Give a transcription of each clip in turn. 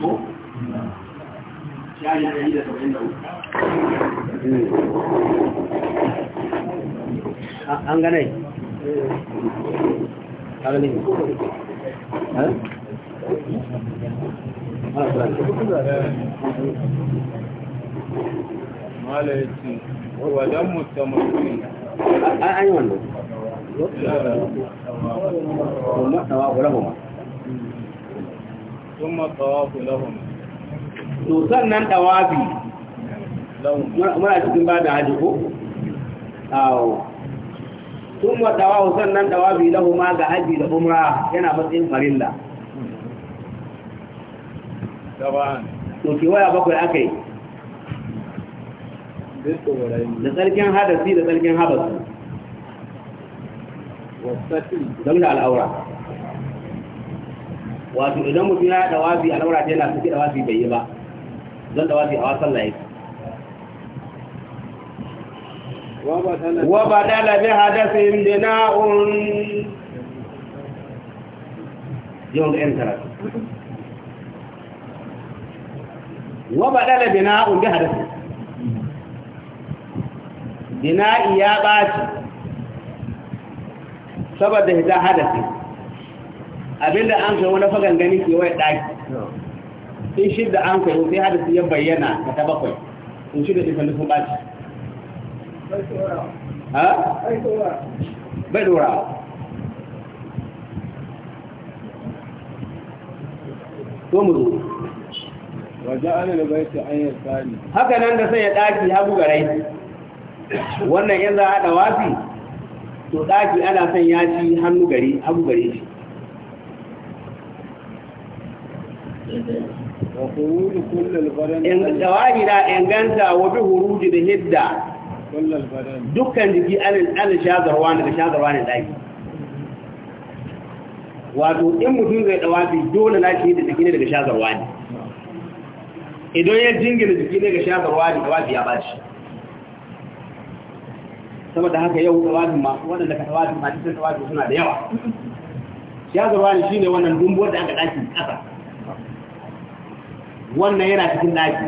ko shayi ɗari da saba'in da an ganai ƙarni sun matsawafu lahun to sannan ɗawafi muna cikin ba da haji ko? awo sun matsawafu sannan ɗawafi lahun ga haji da umra yana matsayin farilla to waya bakwai aka da tsarkin hadasi da tsarkin habasu don da al'aura wato idan mutum ya da wafi a laura yana suke da wafi bai yi ba don da wafi a wasan laye wa ba da labe hadasin dina'un yau da 'yan karatu wa ba da labe na'un da hadasin dina'i ya ɓaci saboda hita hadasa abinda an kai wani fagan gani ke wai daki in da an kai sai hadisi ya bayyana ka ta bakwai in shidda ɗin kalli sun ɓaci bai dora ko mu zo waje an da bai ta anyar tsari haka nan da sai ya ɗaki hagu garai wannan yanzu haɗa wafi to ɗaki ana son ya ci hannu gari hagu gari shi in zawahira inganta wa bi huruji da hidda dukkan jiki an shazarwa ne da shazarwa ne daki wato in mutum zai dawafi dole na shi da jiki ne daga shazarwa ne idan ya jingina jiki ne ga shazarwa ne dawafi ya bashi saboda haka yau dawafin masu waɗanda ka dawafin ma cikin dawafi suna da yawa shazarwa ne shine wannan dumbuwar da aka daki ƙasa wannan yana cikin daji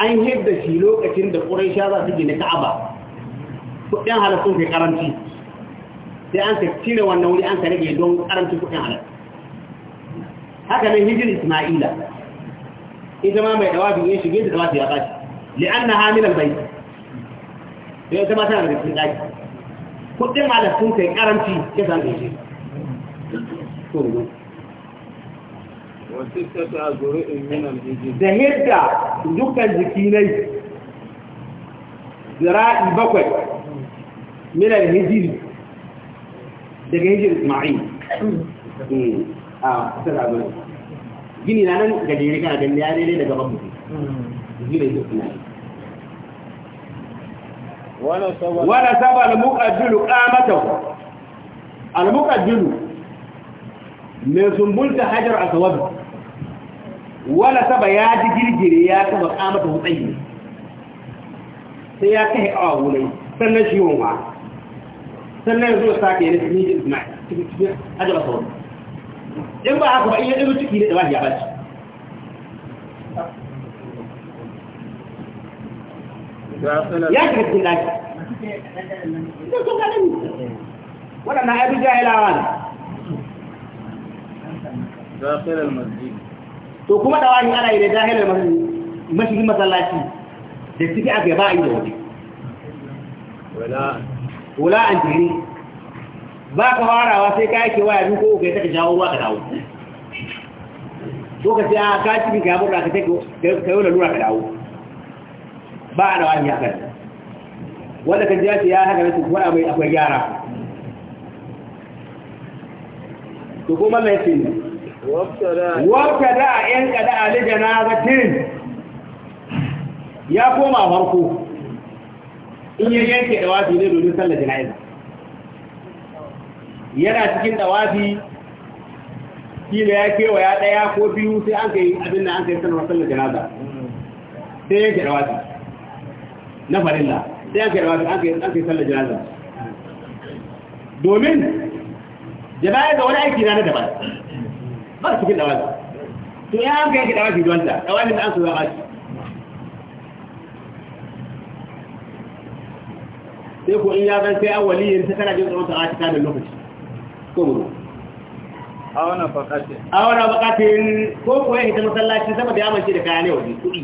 an hidda shi lokacin da ƙuraisha za su gina ka'aba kuɗin halittun kai karanci sai an ka cire wannan wuri an ka rage don karanci kuɗin halittun haka nan hijin isma'ila ita ma mai dawafi ya shige da dawafi ya bashi na hamilan bai sai ya ta tana da cikin ɗaki. kuɗin halittun kai karanci ke san da shi da hidda dukkan jikinai zira'i bakwai minar hijiri daga eh, a kusa da gini na nan ya daidai daga babu gina yi ismail wala saba al-muqaddilu qamatahu al-muqaddilu mai zumbulta hajar aswad wala saba ya ji girgire ya ta makamata hutsayi sai ya kai awa wulai sannan shi wanwa sannan zuwa ke yana cikin jin ismail cikin ajiyar sauran in ba haka ba iya ɗin ciki ne da ba ya ya shiga cikin ɗaki idan sun gaɗin waɗannan abin jahilawa ne to kuma da wani ana yi da jahilar mashigin masallaci da ciki a gaba yi da waje wala an jiri ba ka farawa sai ka yake waya duk ko kai ta jawo ruwa ka dawo ko ka ce a ka cikin ka yabar da ka take ka yi lura ka dawo ba a da wani ya wanda ka jiya ce ya haka nasu kuma akwai gyara to ko mallan ya ce ne wabtada yan kada ali janazatin ya koma farko in ya yanke wafi ne domin sallar jana'iza yana cikin dawafi da ya kewa ya daya ko biyu sai an kai abin da an kai sanarwar sallar janaza sai yanke wafi na farilla sai an kai wafi an kai sallar janaza domin jana'iza wani aiki na daban ba cikin dawafi to ya haka yake dawafi don ta dawafi da an su ya shi sai ko in ya zan sai an waliyin ta kana jin tsoron ta ta da lokaci ko mu a wannan fakatin a wannan fakatin ko ko ya hita masallaci sama da ya mance da kaya ne waje kuɗi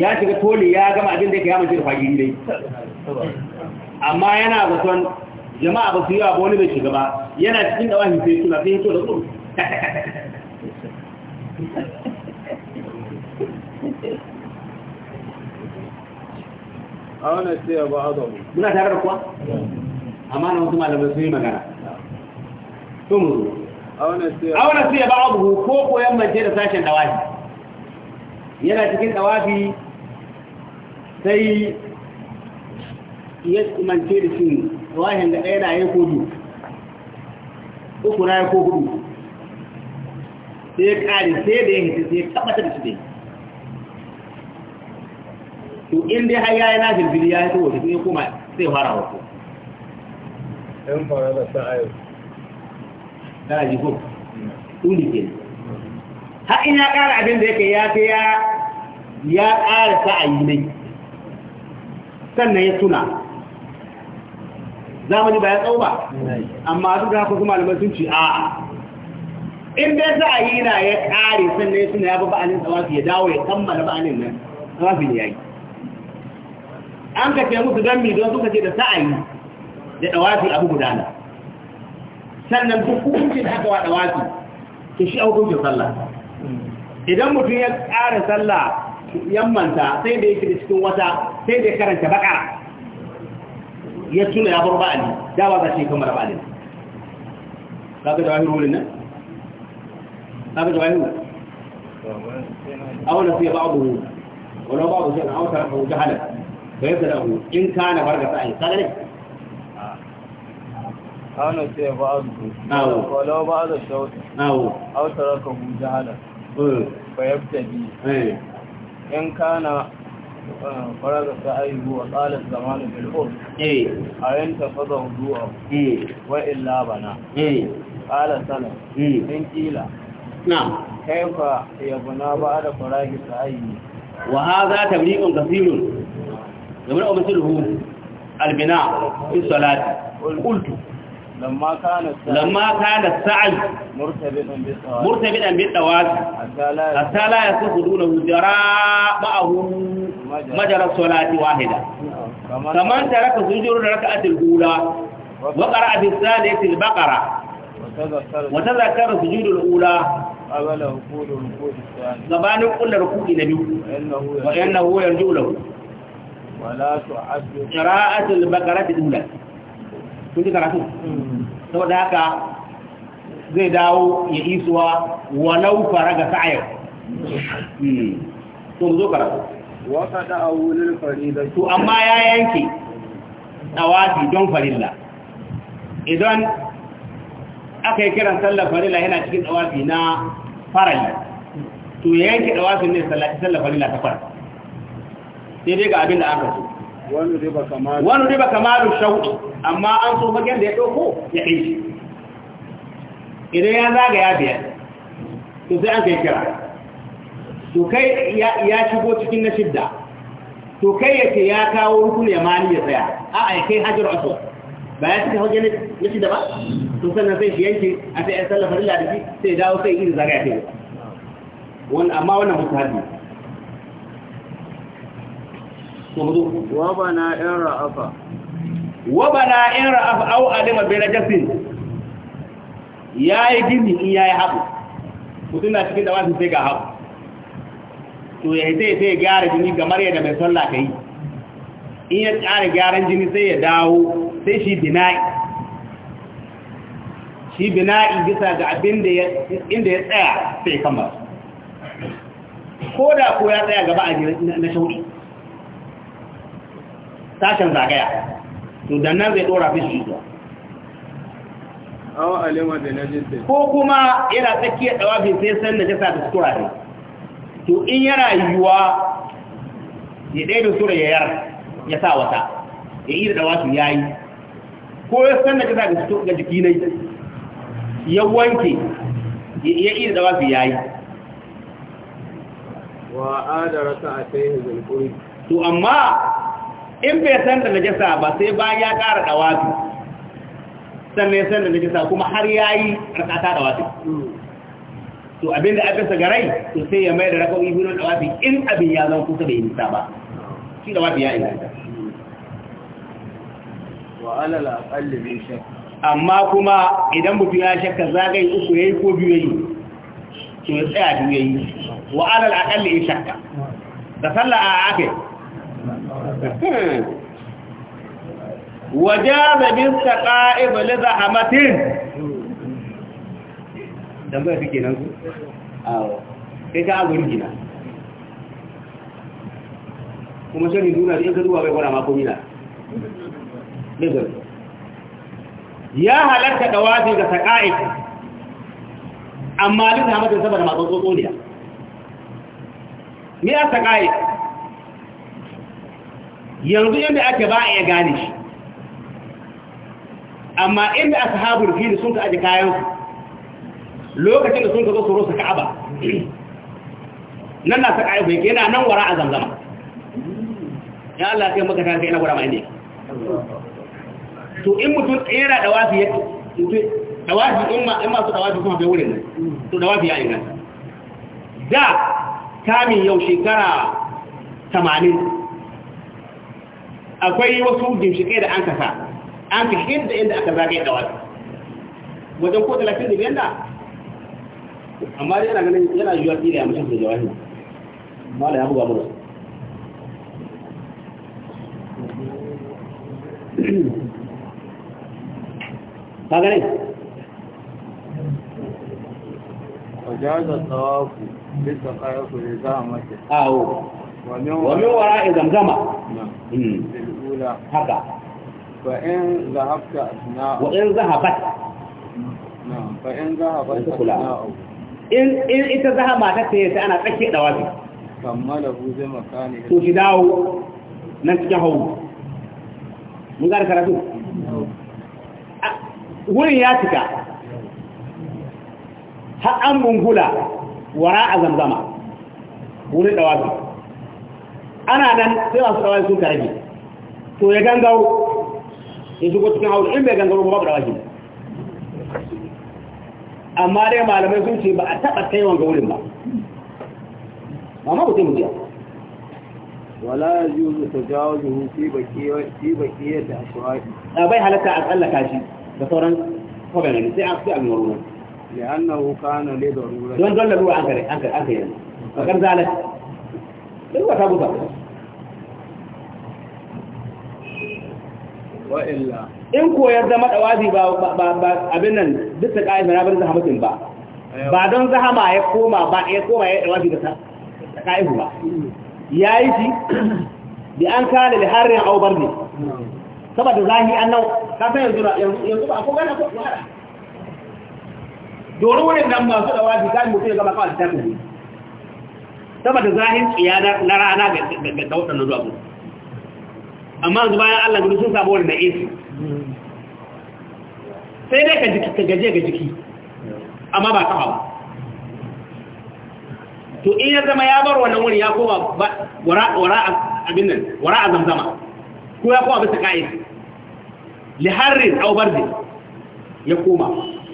ya shiga toli ya gama abin da ya mance da fagiri dai amma yana zaton jama'a ba su yi ba wani bai shiga ba yana cikin da wahin sai suna sai hito da tsoro a wannan sai ya ba a muna tare da kuwa amma na wasu malamai sun yi magana sun mu a wani sai ya ba a buhu ko koyan mace da sashen dawafi yana cikin dawafi sai ya mance da shi rawahin da ɗaya na yi ko biyu uku na yi ko hudu sai ya ƙari sai da ya hita sai ya tabbatar da shi dai to in dai har yayi na filfili ya hito waje sai kuma sai fara wato ɗan fara da sa'ayo ta ji ko tuli ke har in ya ƙara abin da yake ya kai ya ya ƙara sa'ayi ne sannan ya tuna zamani ba ya tsawo ba amma duk da haka kuma alamar sun ce a in dai za a yi na ya kare sannan ya suna ya fi ba'anin tsawafi ya dawo ya kammala ba'anin nan tsawafi ne ya yi an ka ce musu don don suka ce da sa'ayi da tsawafi abu gudana sannan duk hukuncin haka wa tsawafi ke shi a hukuncin sallah idan mutum ya kare sallah yammanta sai da yake da cikin wata sai da ya karanta bakara ya tuna ya bar ba'ali da ba za shi kamar ba'alin kaga jawahiru wurin nan kaga jawahiru awala fi ba'dahu wala ba'dahu sai an auta ko jahala fa yabda'u in kana barga sa'i kaga ne awala fi ba'dahu wala ba'dahu shawt awu auta ko jahala fa yabtadi in kana فرغ سعيه وقال الزمان بالأرض أين تفض هدوءه وإلا بنا قال سلم إن قيل نعم كيف يبنى بعد فراغ سعيه وهذا تبريق كثير يبنى مثله البناء في الصلاة قلت لما كان السعي لما كان مرتبطا بالطواف حتى لا يصح جراء معه مجرى الصلاة واحدة كمان ترك سجود الركعة الأولى وقرأ في الثالثة البقرة وتذكر سجود الأولى قبل ركوع الركوع الثاني زبان كل ركوع نبي وإنه يرجو له ولا تعد قراءة البقرة الأولى كنت قرأتوه saboda haka zai dawo ya isuwa walau fara ga sa'ayar hmm. to zo fara waka da awulil farida to amma ya yanke tawafi don farilla idan aka yi kiran sallar farilla yana cikin tawafi na farali to ya yanke tawafin ne sallar farilla ta fara sai dai ga abin da aka so wani riba kamaru shauki amma an so fagen da ya ɗauko ya ɗinci idan ya zaga ya biyar to sai an kai kira to kai ya shigo cikin na shidda to kai ya ce ya kawo rukun ya mani ya tsaya a a kai hajjar aso ba ya cika hajjar na shidda ba to sannan sai shi yanke a sai ya sallafa rila da shi sai dawo sai iri ya ce yi amma wannan mutu hajji wabana in ra'afa wabana in ra'afa au alima bai na rajasin ya yi gini in ya yi haɓu mutum na cikin da wasu sai ga haɓu to ya hita ya sai gyara jini gamar yadda mai sallah ka yi in ya tsara gyaran jini sai ya dawo sai shi bina'i shi bina'i bisa ga abin da ya tsaya sai kamar ko da ko ya tsaya gaba a na shauɗi sashen zagaya to da nan zai dora fi su zuwa awa alima da najisa ko kuma yana tsakiyar dawafin sai san da jasa da sura ne to in yana yiwuwa ya ɗaya da sura ya yar ya sa wata ya yi da dawafin ya yi ko ya san da jasa ga jiki ne ya wanke ya yi da dawafin ya yi wa adara ta a sai zulkuri to amma in bai san da najasa ba sai bayan ya ƙara ɗawafi. sannan ya san da najasa kuma har ya yi rakata ɗawafi. to abin da aka saga to sai ya mai da raka'o'i ibi na ɗawafi in abin ya zama kusa da nisa ba shi ɗawafi ya yi amma kuma idan mutum ya shakka zagayi uku ya yi ko biyu ya yi, to ya tsaya biyu ya yi wa alal in shakka da sallah a akai Hmm. wajaza bin taqa'ib li zahamatin dan bai kike nan ku awo kai ka agun gina kuma sai duna da ka zuwa bai gora ma na mina dizar ya halatta dawafi ga taqa'ib amma li zahamatin saboda ma tsotsoniya me ya taqa'ib yanzu yadda ake ba a iya gane shi amma inda ashabul fili sun ka aji kayan lokacin da sun ka zo su rusa ka'aba nan na saka bai yana nan wara a zamzama ya Allah kai maka ta kai na gura mai ne to in mutum tsera da wafi ya da wafi in masu da wafi kuma bai wurin nan to wafi ya inganta da kamin yau shekara 80 akwai wasu ginshike da an kasa an ka inda inda aka zagaye da wasu. wajen ko talafin da amma yana ganin yana yiwuwa tsira ya mutum da jawahi da ya buga mana ka gane wajaza tsawafu bisa kayafu ya a mace wani wamin wara'i zamzama الأولى هذا فإن ذهبت أثناء وإن ذهبت فإن ذهبت أثناء إن إن ذهب ما mun wurin ya cika har an bungula wara a zamzama wurin dawafi ana nan sai masu kawai sun karage to ya gangaro ya shigo cikin hauru in bai gangaro babu da wajen amma dai malamai sun ce ba a taɓa kaiwan ga wurin ba amma ku sai mu biya wala yuzu tajawazuhu fi bakiyyah fi bakiyyah da ashwa'i bai halatta a tsallaka shi da sauran koganin sai a fi almuru لأنه كان لضرورة دون دون لضرورة أنكر أنكر أنكر فقد ذلك ba in ko ya zama wazi ba abin nan duk da ƙa'in na barin zahamatin ba ba don zahama ya koma ba ya koma ya wazi da ƙa'ihu ba ya yi shi da an kare da harin aubar ne saboda zahi an nau kafin yanzu yanzu ba a kogar na kogar domin wurin nan masu wazi ta mutum ya gaba kawai ta tafi saboda zahin tsiya na rana ga waɗannan zuwa amma yanzu bayan Allah gudu sun samu wani na esi sai dai ka gaje ga jiki amma ba kafa ba to in ya zama ya bar wannan wuri ya koma wara a abin nan wara a zamzama ko ya koma bisa ka'is liharrin au bardi ya koma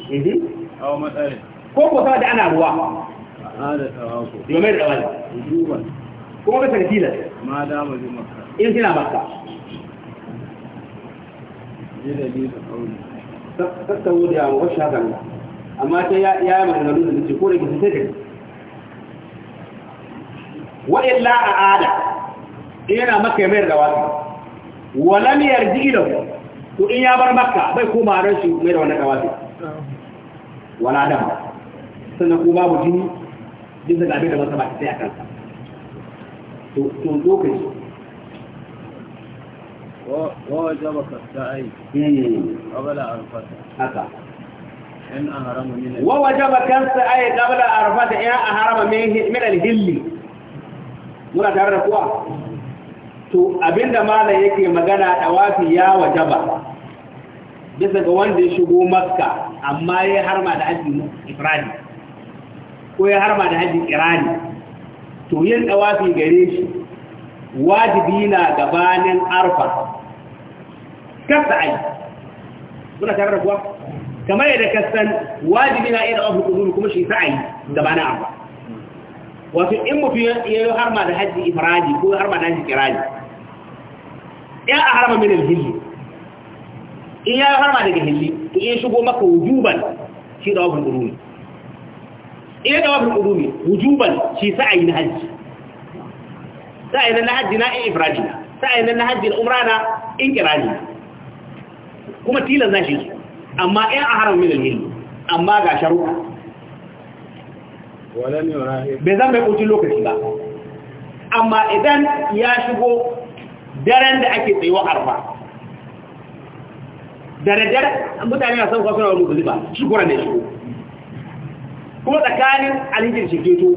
eh, eh? ko ko saboda ana ruwa yomai da tsawon kuma bisa ga tilas ma dama bi makka in suna makka tattawo da wasu hakan da amma ta ya yi maganganu da nace ko da kisa sai da wa illa a ada yana makka ya mayar da wasu walam yarji ilahu to in ya bar makka bai koma ran shi mai da wannan dawasi wala dama sannan ko babu jini bisa ga abin da masa ba ta sai a kansa to to lokaci ووجب كالسعي قبل عرفة هكا إن أهرم من الهل ووجب كالسعي قبل عرفة إن أهرم من الهل muna tare da kuwa to abinda mala yake magana wafi ya wajaba bisa ga wanda ya shigo makka amma ya harma da aji ifradi ko ya harba da hajji kirani to yin dawafi gare shi wajibi na gabanin arfa Kasta ai kuna tare da kuwa kamar yadda kasan wajibi na irin abu kuduru kuma shi sa'ayi gabanin arfa wato in mutum ya yi harma da hajji ifradi ko harma da hajji kirani ya a harma min alhilli in ya harma daga hilli to in shigo maka wujuban shi da wafin kuduru Ina da wafin ne wujuban shi sa'ayi na hajji sa'ayi na hajji na in ifradi na sa'ayi na hajji na umra na in kirani kuma tilas na shi su amma in a haram min alhillu amma ga sharuka bai zan bai ƙuncin lokaci ba amma idan ya shigo daren da ake tsayuwa arfa da daddare mutane na son kwasuwa wa musulma shi kura ne shigo kuma tsakanin alhijir shi keto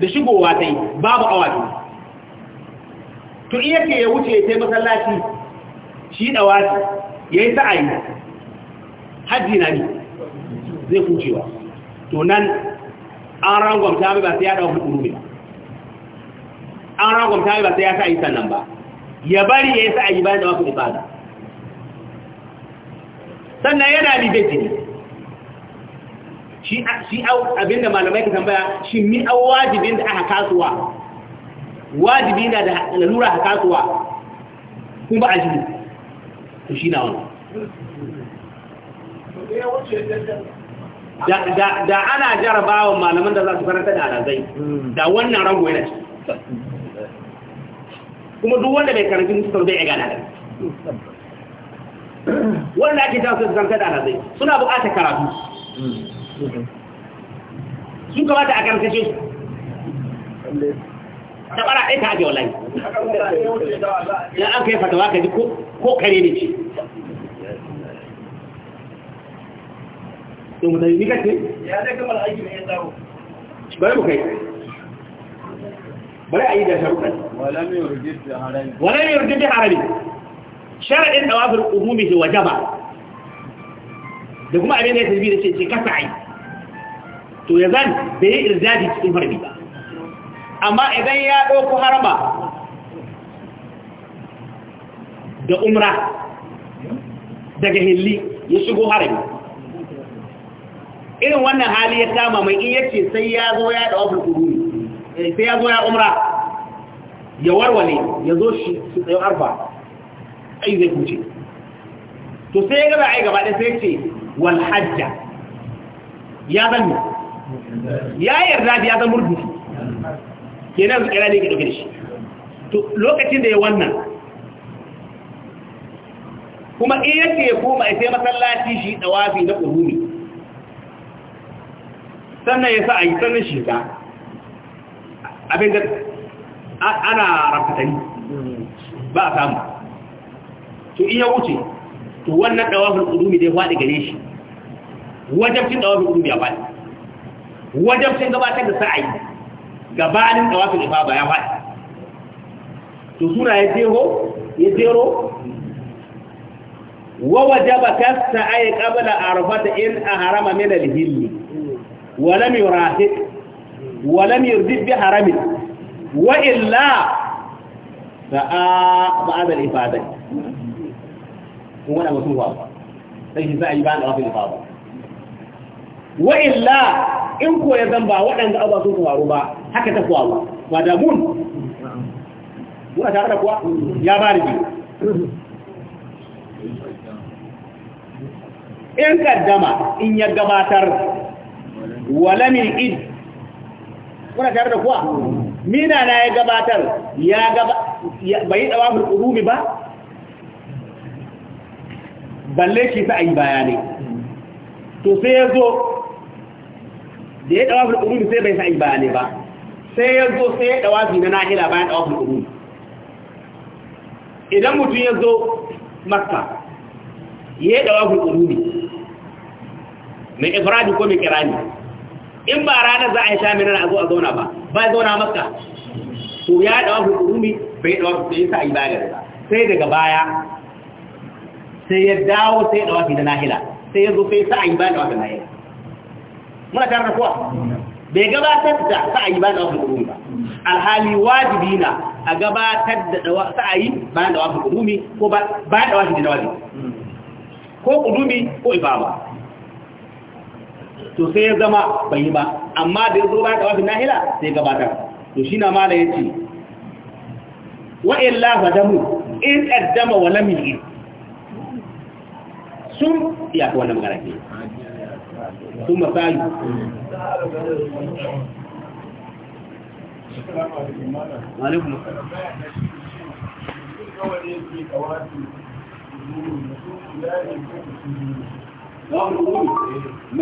da shigowa ta yi babu awa biyu to iya ke ya wuce yi masallaci shi ɗawa ya yi sa'ayi hajji na ne zai kucewa to nan an rangwamta ba sai ya dawo hukuru ne an rangwamta ba sai ya sa'ayi sannan ba ya bari ya yi sa'ayi bayan da wasu ibada sannan yana bibin jini shi abinda malamai ka tambaya shi mi a wajibin da aka kasuwa wajibi na da lalura aka kasuwa kun ba a jini ku shi na wani da ana jarabawa malaman da za su karanta da alazai da wannan rango yana ci kuma duk wanda bai karanta musu zai ya gana da wanda ake jawo su karanta da alazai suna bukata karatu karkashe su su kamata a karkashe su ta bara ɗaya ta ajiye wallahi ya an kai fatawa ka ji ko kare ne ce to mutane ni kace ya zai kamar aiki na yin tsaro bari mu kai bari a yi da sharuɗan wala mai yurgin da harami sharaɗin ɗawafin umumi umumihi wajaba da kuma abin da ya tasbi da ce ce kasa aiki to ya zan bai yi irzadi cikin harbi ba amma idan ya ɗauku harma da umra daga hilli ya shigo harami irin wannan hali ya kama mai iya ce sai ya zo ya da wafin kuruni eh, sai ya zo ya umra ya warware ya zo shi su tsayo arba ai zai kuce to sai ya gaba ai gaba ɗaya sai ce wal hajja ya zanni ya yarda da ya zama rubutu nan kira ne ga dauke shi to lokacin da ya wannan kuma in yake ya koma sai masallaci shi dawafi na qurumi sannan ya sa a yi sannan shi ga abin da ana rafatani ba a samu to iya wuce to wannan dawafin qurumi dai faɗi gare shi wajabcin ɗawafin qurumi ya faɗi wajen sun gabatar da sa'ayi gabanin tawafin ifada ya faɗi to suna ya jero ya jero wa wajaba kasa'ayi qabla arfata in ahrama min al-hill wa lam yurafiq wa lam yurdid bi haramin wa illa a ba'da al-ifada kuma da mutum ba sai shi sa'ayi ba'da ifa ba. wa illa in ko ya zamba waɗanda abuwa sun faru ba haka ta kuwa ba da mun muna tare da kuwa ya ba da in kaddama in ya gabatar walamin id muna tare da kuwa mina na ya gabatar ya gaba bai dawa hulkurubi ba balle shi sa a yi bayanai to sai ya zo da ya dawafin ƙuruni sai bai sa'i bayani ba sai ya zo sai ya dawafi na nahila bayan dawafin ƙuruni idan mutum ya zo maka ya dawafin ƙuruni mai ifradi ko mai kirani in ba ranar za a yi shamina na zo a zauna ba ba ya zauna maka to ya dawafin ƙuruni bai dawafin sa'i bayanai ba sai daga baya sai ya dawo sai ya dawafi na nahila sai ya zo sai sa'ayi bayan dawafin nahila muna tare da kowa? bai gabatar da sa'ayi bayan wasu qudumi ba alhali wajibi na a gabatar da sa'ayi bayan wasu qudumi ko bayan dawafin jinawazi ko qudumi ko ba to sai ya zama bai yi ba amma da ya zo bayan dawafin nahila sai gabatar to shi na mala ce. Wa'in lafa damu in ƙaddama wa lam sun ya ko wannan magana ke sun masali Thank you.